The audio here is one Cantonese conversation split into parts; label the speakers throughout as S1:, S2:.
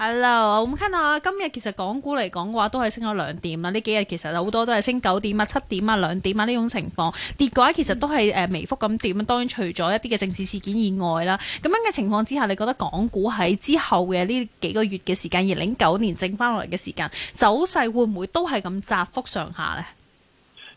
S1: Hello 係啦，咁睇下今日其實港股嚟講嘅話，都係升咗兩點啦。呢幾日其實好多都係升九點啊、七點啊、兩點啊呢種情況。跌嘅話其實都係微幅咁跌啊。當然除咗一啲嘅政治事件以外啦。咁樣嘅情況之下，你覺得港股喺之後嘅呢幾個月嘅時間，二零零九年剩翻落嚟嘅時間，走勢會唔會都係咁窄幅上下咧？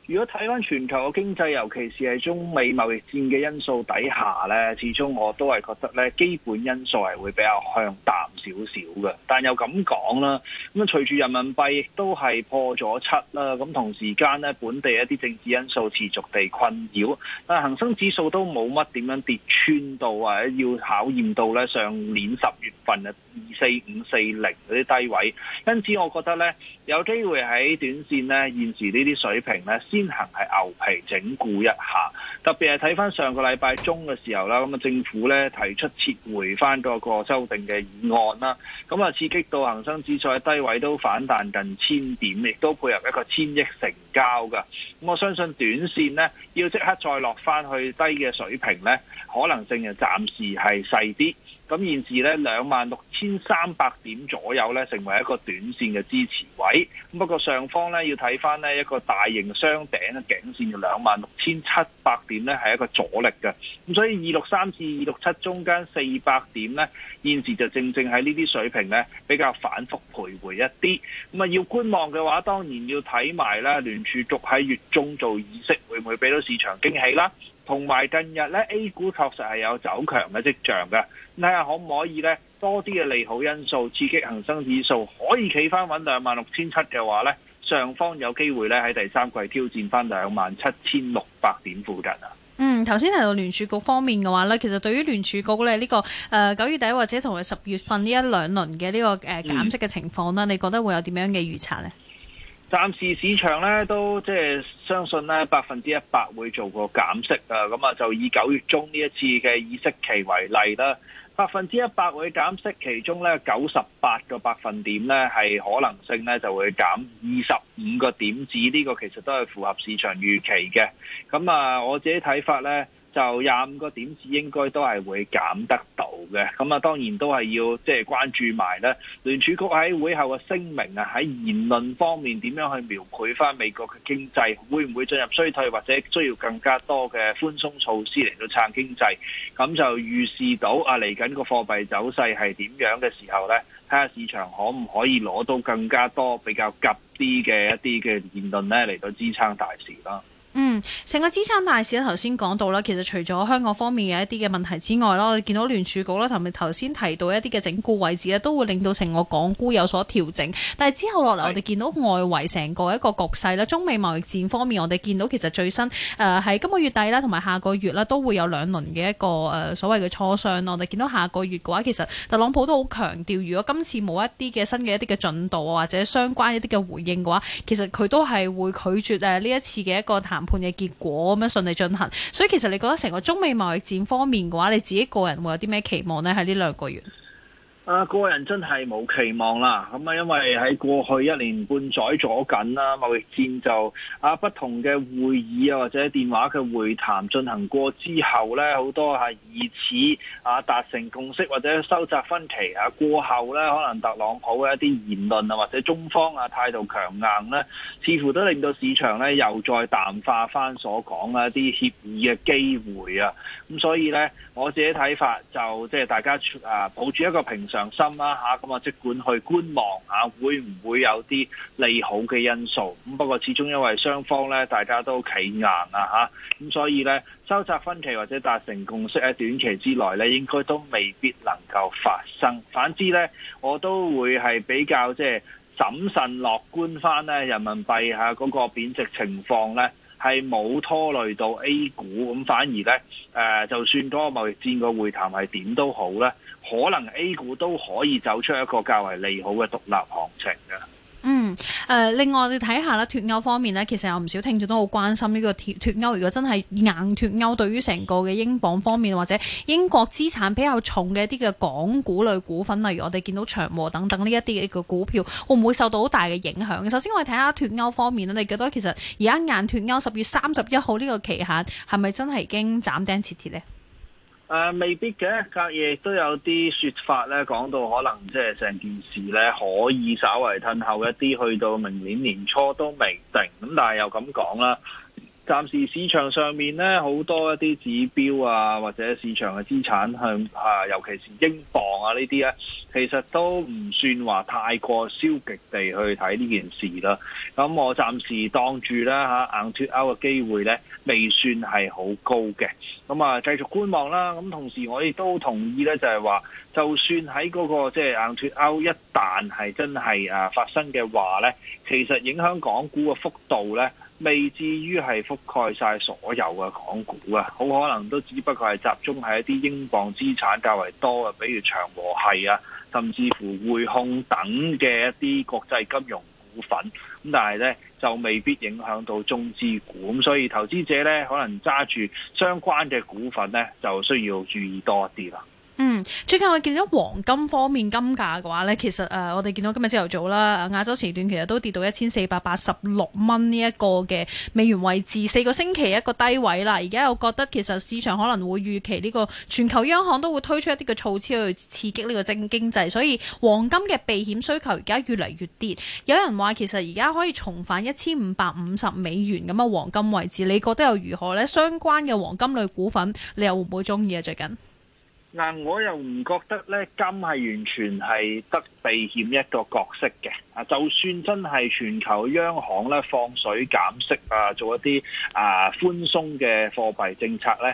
S2: 如果睇翻全球嘅經濟，尤其是係中美貿易戰嘅因素底下咧，始終我都係覺得咧基本因素係會比較向淡少少嘅。但又咁講啦，咁隨住人民幣亦都係破咗七啦，咁同時間咧本地一啲政治因素持續地困擾，但係恆生指數都冇乜點樣跌穿到或者要考驗到咧上年十月份啊二四五四零嗰啲低位。因此，我覺得咧有機會喺短線咧現時呢啲水平咧先。先行係牛皮整固一下，特別係睇翻上個禮拜中嘅時候啦，咁啊政府咧提出撤回翻嗰個修訂嘅議案啦，咁啊刺激到恒生指數喺低位都反彈近千點，亦都配合一個千億成交噶，咁我相信短線呢要即刻再落翻去低嘅水平呢，可能性就暫時係細啲。咁現時咧兩萬六千三百點左右咧，成為一個短線嘅支持位。咁不過上方咧要睇翻呢一個大型雙頂嘅頸線，兩萬六千七百點咧係一個阻力嘅。咁所以二六三至二六七中間四百點咧，現時就正正喺呢啲水平咧比較反覆徘徊一啲。咁啊要觀望嘅話，當然要睇埋咧聯儲局喺月中做議息會唔會俾到市場驚喜啦。同埋近日咧，A 股確實係有走強嘅跡象㗎。睇下可唔可以咧多啲嘅利好因素刺激恒生指數，可以企翻穩兩萬六千七嘅話咧，上方有機會咧喺第三季挑戰翻兩萬七千六百點附近啊。
S1: 嗯，頭先提到聯儲局方面嘅話咧，其實對於聯儲局咧呢個誒九月底或者同佢十月份呢一兩輪嘅呢個誒減息嘅情況呢，嗯、你覺得會有點樣嘅預測呢？
S2: 暫時市場咧都即係相信咧百分之一百會做個減息啊，咁啊就以九月中呢一次嘅議息期為例啦，百分之一百會減息，其中咧九十八個百分點咧係可能性咧就會減二十五個點子，呢個其實都係符合市場預期嘅。咁啊，我自己睇法咧，就廿五個點子應該都係會減得到嘅，咁啊當然都係要即係關注埋咧聯儲局喺會後嘅聲明啊，喺言論方面點樣去描繪返美國嘅經濟，會唔會進入衰退或者需要更加多嘅寬鬆措施嚟到撐經濟？咁就預示到啊嚟緊個貨幣走勢係點樣嘅時候咧，睇下市場可唔可以攞到更加多比較急啲嘅一啲嘅言論咧嚟到支撐大市啦。
S1: 嗯，成個資產大市咧，頭先講到啦，其實除咗香港方面嘅一啲嘅問題之外啦，我哋見到聯儲局啦，同埋頭先提到一啲嘅整固位置咧，都會令到成個港股有所調整。但係之後落嚟，我哋見到外圍成個一個局勢咧，是中美貿易戰方面，我哋見到其實最新誒係、呃、今個月底啦，同埋下個月啦，都會有兩輪嘅一個誒、呃、所謂嘅磋商咯。我哋見到下個月嘅話，其實特朗普都好強調，如果今次冇一啲嘅新嘅一啲嘅進度或者相關一啲嘅回應嘅話，其實佢都係會拒絕誒呢一次嘅一個談。判嘅結果咁樣順利進行，所以其實你覺得成個中美貿易戰方面嘅話，你自己個人會有啲咩期望呢？喺呢兩個月？
S2: 啊！個人真係冇期望啦。咁啊，因為喺過去一年半載咗緊啦，貿易戰就啊不同嘅會議啊，或者電話嘅會談進行過之後呢，好多係疑似啊達成共識或者收窄分歧啊。過後呢，可能特朗普嘅一啲言論啊，或者中方啊態度強硬呢，似乎都令到市場呢，又再淡化翻所講一啲協議嘅機會啊。咁所以咧，我自己睇法就即係大家啊，抱住一個平常心啦吓，咁啊，即管去觀望下，啊，會唔會有啲利好嘅因素？咁、啊、不過始終因為雙方咧，大家都企硬啊吓，咁所以咧，收窄分歧或者達成共識喺短期之內咧，應該都未必能夠發生。反之咧，我都會係比較即係審慎樂觀翻咧人民幣吓嗰個貶值情況咧，係冇拖累到 A 股，咁反而呢，誒、呃，就算嗰個貿易戰個會談係點都好呢，可能 A 股都可以走出一個較為利好嘅獨立行情嘅。
S1: 誒，另外我哋睇下啦，脫歐方面咧，其實有唔少聽眾都好關心呢個脱脫歐。如果真係硬脫歐，對於成個嘅英鎊方面，或者英國資產比較重嘅一啲嘅港股類股份，例如我哋見到長和等等呢一啲嘅股票，會唔會受到好大嘅影響？首先我哋睇下脫歐方面啦，你覺得其實而家硬脫歐十月三十一號呢個期限，係咪真係已經斬釘截鐵咧？
S2: 誒、啊、未必嘅，隔夜都有啲說法咧，講到可能即係成件事咧，可以稍微褪後一啲，去到明年年初都未定。咁但係又咁講啦。暫時市場上面咧，好多一啲指標啊，或者市場嘅資產向啊，尤其是英鎊啊呢啲咧，其實都唔算話太過消極地去睇呢件事啦。咁、啊、我暫時當住啦，嚇、啊、硬脫歐嘅機會咧，未算係好高嘅。咁啊，繼續觀望啦。咁、啊、同時我亦都同意咧，就係、是、話，就算喺嗰、那個即係、就是、硬脫歐一旦係真係啊發生嘅話咧，其實影響港股嘅幅度咧。未至於係覆蓋晒所有嘅港股啊，好可能都只不過係集中喺一啲英鎊資產較為多嘅，比如長和系啊，甚至乎匯控等嘅一啲國際金融股份。咁但係呢，就未必影響到中資股，咁所以投資者呢，可能揸住相關嘅股份呢，就需要注意多一啲啦。
S1: 嗯，最近我見到黃金方面金價嘅話咧，其實誒、呃，我哋見到今日朝頭早啦，亞洲時段其實都跌到一千四百八十六蚊呢一個嘅美元位置，四個星期一個低位啦。而家我覺得其實市場可能會預期呢、這個全球央行都會推出一啲嘅措施去刺激呢個正經濟，所以黃金嘅避險需求而家越嚟越跌。有人話其實而家可以重返一千五百五十美元咁嘅黃金位置，你覺得又如何呢？相關嘅黃金類股份，你又會唔會鍾意啊？最近？
S2: 嗱，我又唔覺得咧，金係完全係得避險一個角色嘅。啊，就算真係全球央行咧放水減息啊，做一啲啊寬鬆嘅貨幣政策咧，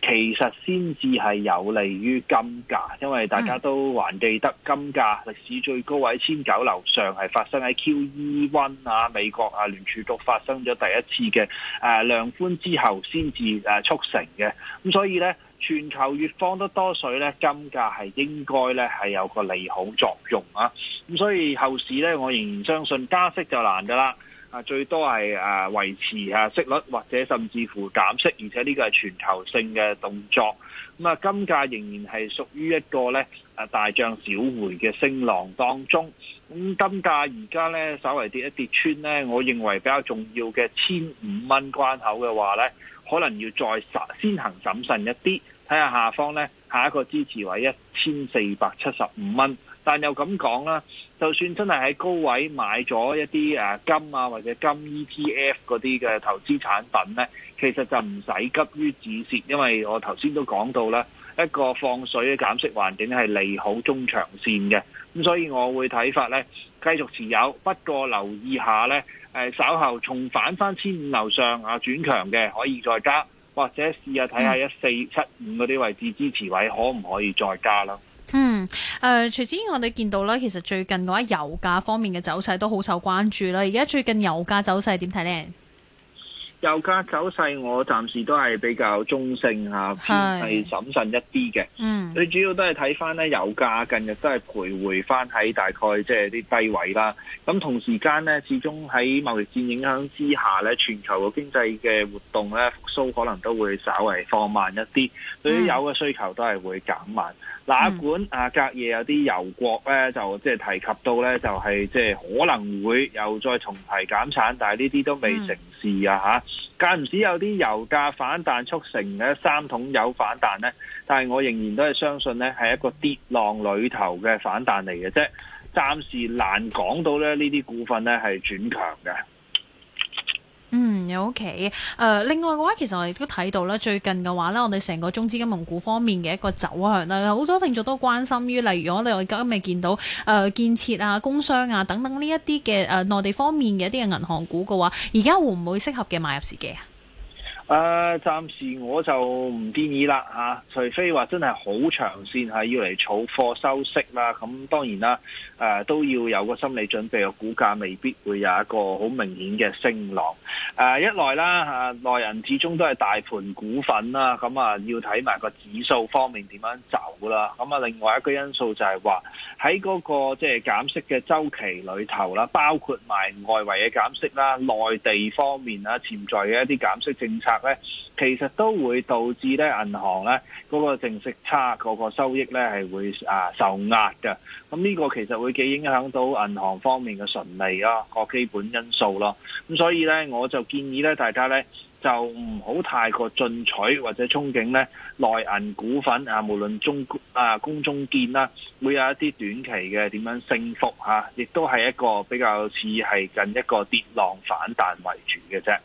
S2: 其實先至係有利於金價，因為大家都還記得金價歷史最高位千九樓上係發生喺 QE 1啊，美國啊聯儲局發生咗第一次嘅誒量寬之後先至誒促成嘅。咁所以咧。全球越放得多水咧，金價係應該咧係有個利好作用啊！咁所以後市咧，我仍然相信加息就難噶啦，啊最多係維持啊息率，或者甚至乎減息，而且呢個係全球性嘅動作。咁啊，金價仍然係屬於一個咧大漲小回嘅升浪當中。咁金價而家咧稍微跌一跌穿咧，我認為比較重要嘅千五蚊關口嘅話咧，可能要再先行謹慎一啲。睇下下方呢，下一個支持位一千四百七十五蚊。但又咁講啦，就算真係喺高位買咗一啲誒金啊，或者金 ETF 嗰啲嘅投資產品呢，其實就唔使急於止蝕，因為我頭先都講到啦，一個放水嘅減息環境係利好中長線嘅。咁所以我會睇法呢，繼續持有，不過留意下呢，誒稍後重返翻千五樓上啊轉強嘅，可以再加。或者試下睇下一四七五嗰啲位置支持位可唔可以再加啦？嗯，
S1: 誒、呃，除此我哋見到咧，其實最近嘅話油價方面嘅走勢都好受關注啦。而家最近油價走勢點睇呢？
S2: 油價走勢，我暫時都係比較中性吓，係審慎一啲嘅。嗯，你主要都係睇翻咧，油價近日都係徘徊翻喺大概即係啲低位啦。咁同時間咧，始終喺貿易戰影響之下咧，全球嘅經濟嘅活動咧，復甦可能都會稍微放慢一啲，對於油嘅需求都係會減慢。嗯哪管、嗯、啊，隔夜有啲油國咧，就即係提及到咧，就係、是、即係可能會又再重提減產，但係呢啲都未成事啊！嚇，間唔時有啲油價反彈促成嘅三桶油反彈咧，但係我仍然都係相信咧，係一個跌浪裡頭嘅反彈嚟嘅啫，暫時難講到咧呢啲股份咧係轉強嘅。
S1: 有企誒，okay. uh, 另外嘅話，其實我亦都睇到咧，最近嘅話咧，我哋成個中資金融股方面嘅一個走向咧，好多聽眾都關心於例如我哋我而家未見到誒、呃、建設啊、工商啊等等呢一啲嘅誒內地方面嘅一啲嘅銀行股嘅話，而家會唔會適合嘅買入時機啊？
S2: 誒、呃，暫時我就唔建議啦吓，除非話真係好長線係、啊、要嚟儲貨收息啦，咁、啊、當然啦，誒、啊、都要有個心理準備，個、啊、股價未必會有一個好明顯嘅升浪。誒、啊，一來啦吓，內、啊、人始終都係大盤股份啦，咁啊，啊要睇埋個指數方面點樣走啦。咁啊，啊，另外一個因素就係話喺嗰個即係減息嘅周期裏頭啦，包括埋外圍嘅減息啦，內地方面啊，潛在嘅一啲減息政策。咧，其實都會導致咧銀行咧嗰個淨息差、嗰個收益咧係會啊受壓嘅。咁呢個其實會幾影響到銀行方面嘅純利咯，個基本因素咯。咁所以咧，我就建議咧大家咧就唔好太過進取或者憧憬咧內銀股份啊，無論中啊公中建啦，會有一啲短期嘅點樣升幅嚇，亦都係一個比較似係近一個跌浪反彈為主嘅啫。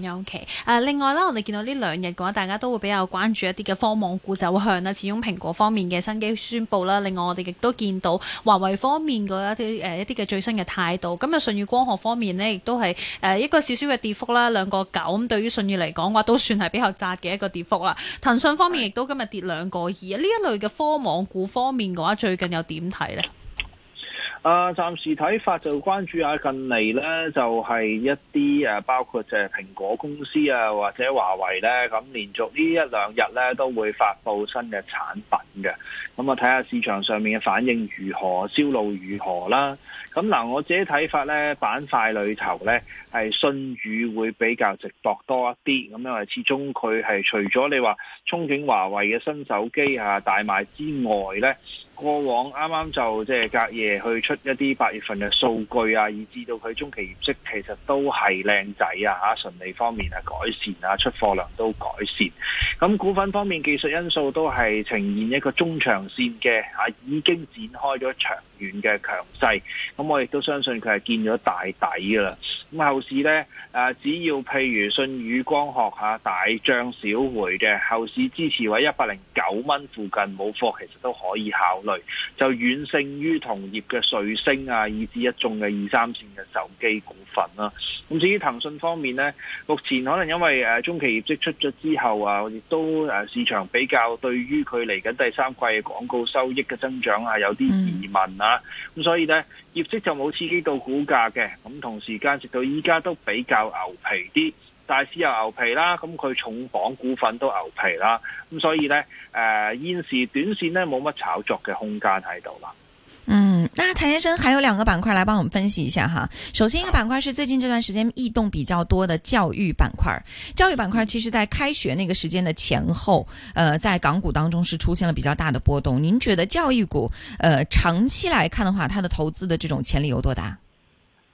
S1: 有期。誒，okay. uh, 另外啦，我哋見到呢兩日嘅話，大家都會比較關注一啲嘅科網股走向啦。始終蘋果方面嘅新機宣佈啦，另外我哋亦都見到華為方面嘅一啲誒一啲嘅最新嘅態度。今日舜宇光學方面呢，亦都係誒一個少少嘅跌幅啦，兩個九咁。對於舜宇嚟講嘅話，都算係比較窄嘅一個跌幅啦。騰訊方面亦都今日跌兩個二啊。呢一類嘅科網股方面嘅話，最近又點睇呢？
S2: 啊，暫時睇法就關注下近嚟咧，就係、是、一啲誒，包括就係蘋果公司啊，或者華為咧，咁、嗯、連續呢一兩日咧都會發布新嘅產品嘅，咁啊睇下市場上面嘅反應如何，銷路如何啦。咁、嗯、嗱、啊，我自己睇法咧，板塊裏頭咧。係信譽會比較值博多一啲，咁因為始終佢係除咗你話憧憬華為嘅新手機啊大賣之外呢，過往啱啱就即係隔夜去出一啲八月份嘅數據啊，以至到佢中期業績其實都係靚仔啊嚇，純利方面啊改善啊，出貨量都改善。咁股份方面技術因素都係呈現一個中長線嘅嚇，已經展開咗長遠嘅強勢。咁我亦都相信佢係見咗大底噶啦。咁後是咧，誒只要譬如信宇光學、嚇，大漲小回嘅後市支持位一百零九蚊附近冇貨，其實都可以考慮。就遠勝於同業嘅瑞星啊，以至一眾嘅二三線嘅手機股份啦。咁至於騰訊方面呢，目前可能因為誒中期業績出咗之後啊，亦都誒市場比較對於佢嚟緊第三季廣告收益嘅增長啊，有啲疑問啊。咁所以呢，業績就冇刺激到股價嘅，咁同時間直到依家。都比較牛皮啲，大市又牛皮啦，咁佢重磅股份都牛皮啦，咁所以呢，誒現時短線呢冇乜炒作嘅空間喺度啦。嗯，
S1: 那譚先生還有兩個板塊來幫我們分析一下哈。首先一個板塊是最近這段時間異動比較多的教育板塊，教育板塊其實在開學那個時間的前後，呃，在港股當中是出現了比較大的波動。您覺得教育股，呃，長期來看的話，它的投資的這種潛力有多大？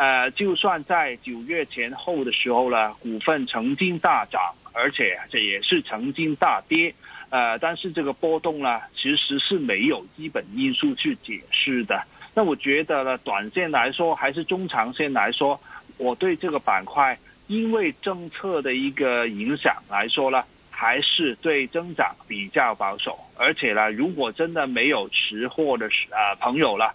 S2: 呃，就算在九月前後的時候呢，股份曾經大漲，而且這也是曾經大跌，呃，但是這個波動呢，其實是沒有基本因素去解釋的。那我覺得呢，短綫來說還是中長綫來說，我對這個板塊，因為政策的一個影響來說呢，還是對增長比較保守。而且呢，如果真的沒有持貨的呃朋友了。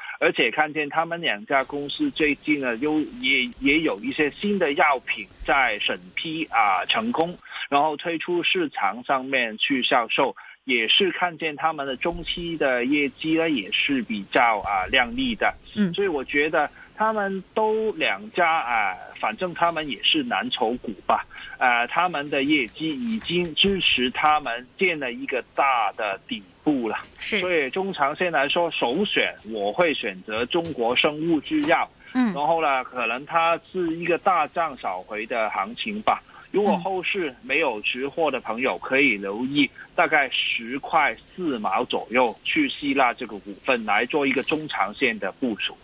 S2: 而且看見他們兩家公司最近呢，又也也有一些新的藥品在審批啊、呃、成功，然後推出市場上面去銷售，也是看見他們的中期的業績呢也是比較啊、呃、亮麗的。嗯，所以我覺得他們都兩家啊、呃，反正他們也是藍籌股吧，呃，他們的業績已經支持他們建了一個大的底。不了，所以中長線來說，首選我會選擇中國生物製藥。然後呢，可能它是一個大漲少回的行情吧。如果後市沒有持貨的朋友，可以留意，大概十塊四毛左右去吸納這個股份，來做一個中長線的部署。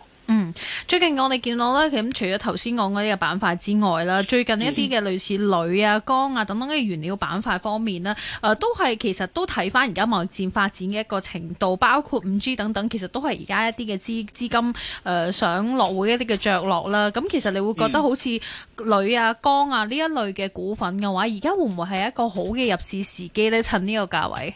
S1: 最近我哋見到咧，咁除咗頭先講嗰啲嘅板塊之外啦，最近一啲嘅類似鋁啊、鋼啊等等嘅原料板塊方面呢，誒、呃，都係其實都睇翻而家貿易戰發展嘅一個程度，包括 5G 等等，其實都係而家一啲嘅資資金誒、呃、想落會一啲嘅着落啦。咁其實你會覺得好似鋁啊、鋼啊呢一類嘅股份嘅話，而家會唔會係一個好嘅入市時機呢？趁呢個價位？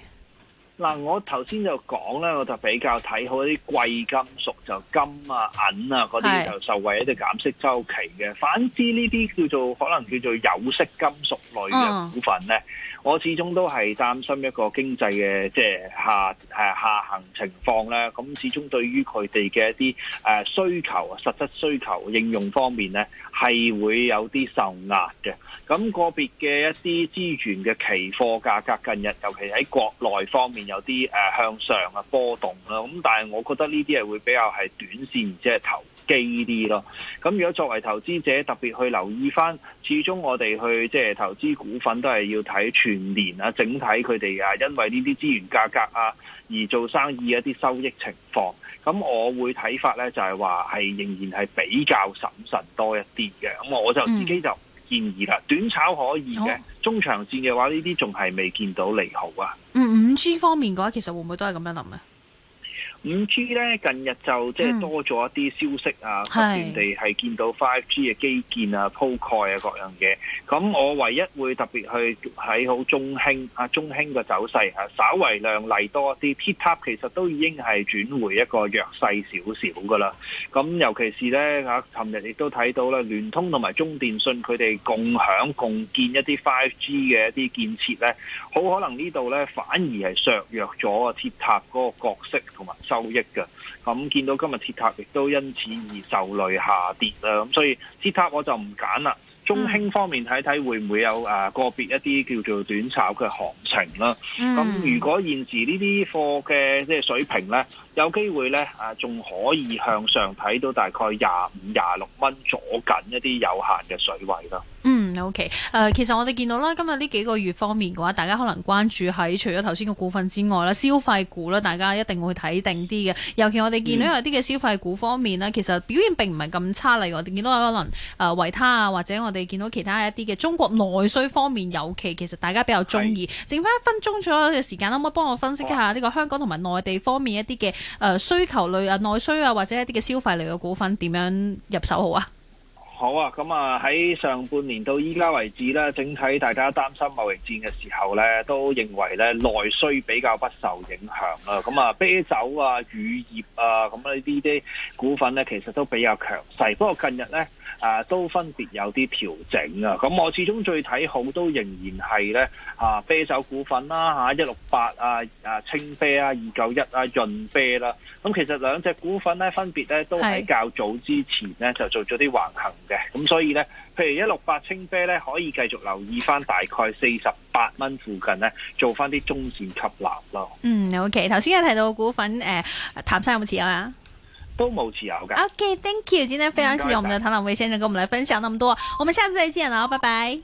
S2: 嗱，我頭先就講咧，我就比較睇好啲貴金屬，就金啊、銀啊嗰啲就受惠喺啲減息周期嘅。是反之呢啲叫做可能叫做有色金屬類嘅股份咧。嗯我始終都係擔心一個經濟嘅即係下誒下行情況啦。咁始終對於佢哋嘅一啲誒需求啊、實質需求、需求應用方面咧，係會有啲受壓嘅。咁個別嘅一啲資源嘅期貨價格近日，尤其喺國內方面有啲向上嘅波動啦。咁但係我覺得呢啲係會比較係短線，即係投資。基啲咯，咁如果作為投資者特別去留意翻，始終我哋去即係投資股份都係要睇全年啊，整體佢哋啊，因為呢啲資源價格啊而做生意一啲收益情況，咁我會睇法咧就係話係仍然係比較審慎多一啲嘅，咁我就自己就建議啦，嗯、短炒可以嘅，哦、中長線嘅話呢啲仲係未見到利好啊。
S1: 五 G 方面嘅話，其實會唔會都係咁樣諗咧？五 G 咧，
S2: 近日就即係多咗一啲消息、嗯、啊，不斷地係見到 Five G 嘅基建啊、鋪蓋啊各樣嘢。咁我唯一會特別去睇好中興啊，中興嘅走勢啊，稍為量例多一啲。鐵塔其實都已經係轉回一個弱勢少少噶啦。咁尤其是咧啊，尋日亦都睇到啦，聯通同埋中電信佢哋共享共建一啲 Five G 嘅一啲建設咧，好可能呢度咧反而係削弱咗鐵塔嗰個角色同埋收益嘅，咁、嗯、見到今日鐵塔亦都因此而受累下跌啦，咁所以鐵塔我就唔揀啦。中興方面睇睇會唔會有誒個別一啲叫做短炒嘅行情啦。咁、嗯嗯、如果現時呢啲貨嘅即係水平咧，有機會咧啊，仲可以向上睇到大概廿五、廿六蚊左近一啲有限嘅水位啦。
S1: O、okay. K，、uh, 其實我哋見到啦，今日呢幾個月方面嘅話，大家可能關注喺除咗頭先嘅股份之外啦，消費股啦，大家一定會睇定啲嘅。尤其我哋見到有啲嘅消費股方面啦，嗯、其實表現並唔係咁差。例如我哋見到可能誒、呃、維他啊，或者我哋見到其他一啲嘅中國內需方面，尤其其實大家比較中意。是剩翻一分鐘左右嘅時間，可唔可以幫我分析一下呢個香港同埋內地方面一啲嘅哇、呃、需求類啊內需啊，或者一啲嘅消費類嘅股份點樣入手好啊？
S2: 好啊，咁啊喺上半年到依家為止咧，整體大家擔心貿易戰嘅時候咧，都認為咧內需比較不受影響啦。咁啊，啤酒啊、乳業啊，咁啊呢啲啲股份咧，其實都比較強勢，不過近日咧。啊，都分別有啲調整啊！咁我始終最睇好都仍然係咧啊，啤酒股份啦，嚇一六八啊，啊青啤啊，二九一啊，潤啤啦。咁其實兩隻股份咧，分別咧都係較早之前咧是就做咗啲橫行嘅。咁所以咧，譬如一六八青啤咧，可以繼續留意翻大概四十八蚊附近咧，做翻啲中線吸納咯。嗯
S1: ，OK。頭先有提到股份誒，譚、呃、生有冇持有啊？
S2: 都冇持有
S1: 嘅。OK，Thank you。今天非常謝謝我們的譚朗蔚先生，跟我們來分享那麼多。我們下次再見啦，拜拜。